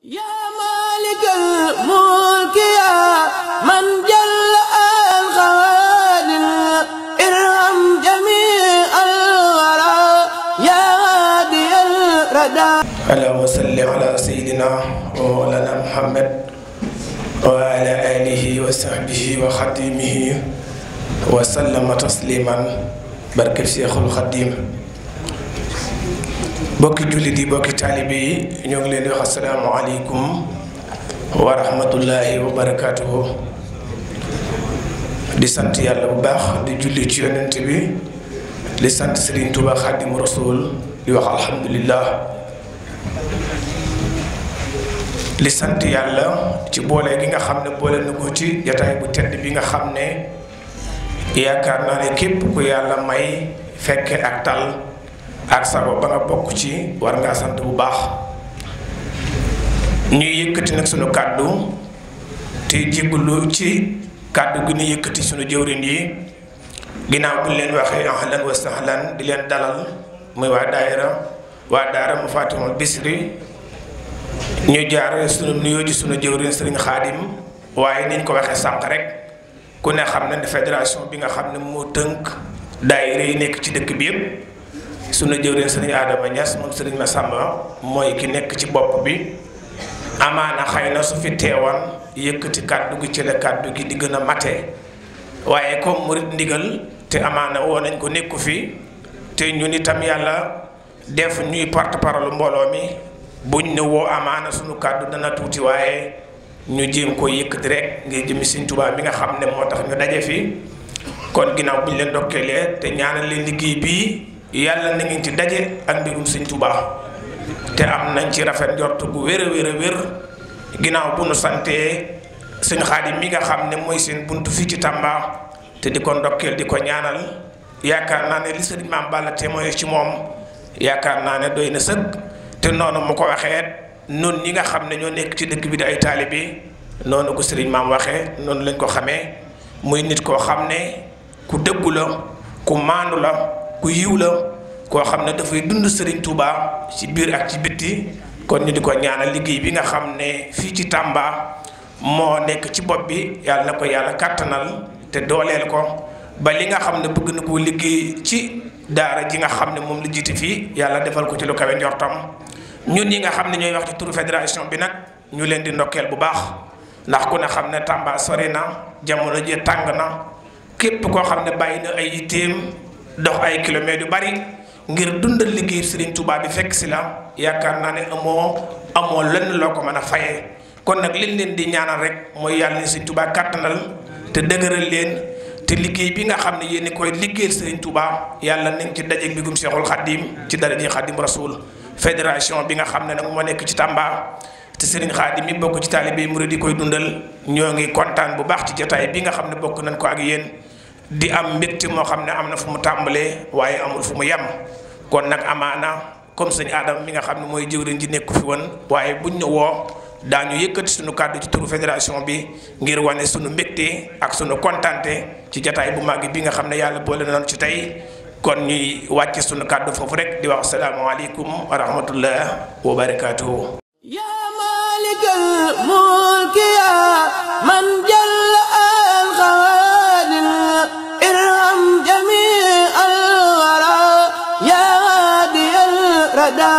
yaa maalikal mulki yaa man jàll al xawaadir irham jamii al waraa yaa haadiyal radaa allahumma salli ala sayyidina wa mawlana muhammad wa ala alihi wa sahbihi wa xadimihi wa sallama tasliman barkeb Seexul Xadim bokki jullit yi bokki taalibe yi ñoo ngi leen di wax asalaamu aleykum wa rahmatullahi wa barakaatuhu di sant yàlla bu baax di julli ci yonent bi di sant Serigne Touba Xaadimu Rasuul di wax alhamdulillah di sant yàlla ci boole gi nga xam ne boole na ko ci jataay bu tedd bi nga xam ne yaakaar naa ne képp ku yàlla may fekke ak tal ak sago ba nga bokk ci war ngaa sant bu baax ñuy yëkkati nag sunu kàddu te jéggalu ci kàddu gi ñu yëkkati sunu jëwrin yi ginnaaw bu leen waxee ahlan wa sahlan di leen dalal mooy waa daayira waa daara mu Fatimul Bichri ñu jaar sunu nuyoo ci sunu jëwrin sëriñ xaadim waaye niñ ko waxee sànq rek ku ne xam ne fédération bi nga xam ne moo tënk daayira yi nekk ci dëkk bi yëpp su sunu jëwriñ sëriñ Adama Niass moom sëriñ Massamba mooy ki nekk ci bopp bi amaana xay na su fi teewal yëkkati kàddu gi ci la kàddu gi di gën a matee waaye comme murit ndigal te amaana woo nañ ko nekku fi te ñun itam yàlla def ñuy porte-parole mbooloo mi buñ ne woo amaana suñu kàddu dana tuuti waaye ñu jéem ko yëkkati rek ngir jëmi Sëriñ Tuubaa mi nga xam ne moo tax ñu daje fi kon ginnaaw buñ leen dokkeelee te ñaanal leen liggéey bii yàlla na ngeen ci daje ak mbirum sëñ Tuubaa te am nañ ci rafet njort bu wér a wér ginnaaw bu nu santee sëñ Xaadim mi nga xam ne mooy seen buntu fii ci Tamba te di ko ndokkeel di ko ñaanal yaakaar naa ne li sëriñ Maam Balla témoin ci moom yaakaar naa ne doy na sëg te noonu mu ko waxee noonu ñi nga xam ne ñoo nekk ci dëkk bi di ay taalibe noonu ko sëriñ Maam waxee noonu lañ ko xamee muy nit koo xam ne ku dëggu la ku maandu la. ku yiw la koo xam ne dafay dund Serigne Touba ci biir ak ci bitti kon ñu di ko ñaanal liggéey bi nga xam ne fii ci Tamba moo nekk ci bopp bi yàlla na ko yàlla kàttanal te dooleel ko ba li nga xam ne bëgg na koo liggéey ci daara ji nga xam ne moom la jiite fii yàlla defal ko ci lu kawe njortam ñun ñi nga xam ne ñooy wax ci turu fédération bi nag ñu leen di ndokkeel bu baax ndax ku ne xam ne Tamba sori na jamono ji tàng na képp koo xam ne bàyyi ay itteem dox ay kilomètres yu bari ngir dundal liggéey Serigne Touba bi fekk si la yaakaar naa ne amoo amoo lenn loo ko mën a faye kon nag liñ leen di ñaanal rek mooy yàlla ni Serigne Touba kàttanal te dëgërël leen te liggéey bi nga xam ne yéen koy liggéeyal Serigne tubaab yàlla nañ ci dajeeg mbigum Cheikhul Khadim ci daraje Khadim Rasoul fédération bi nga xam ne nag moo nekk ci Tamba te Serigne Khadim mi bokk ci mu murid di koy dundal ñoo ngi kontaan bu baax ci jotaay bi nga xam ne bokk nañ ko ak yéen. di am mbégte moo xam ne am na fu mu tàmbalee waaye amul fu mu yem kon nag amaana comme sëñ Adam mi nga xam ne mooy jëwriñ ji nekku fi woon waaye buñ ñu woo daañu yëkkati suñu kàddu ci turu fédération bi ngir wane suñu mbégte ak suñu kontante ci jataay bu màgg bi nga xam ne yàlla boole na noonu ci tey kon ñuy wàcce suñu kàddu foofu rek di wax asalaamaaleykum wa rahmatullah wa barakaatuhu. abada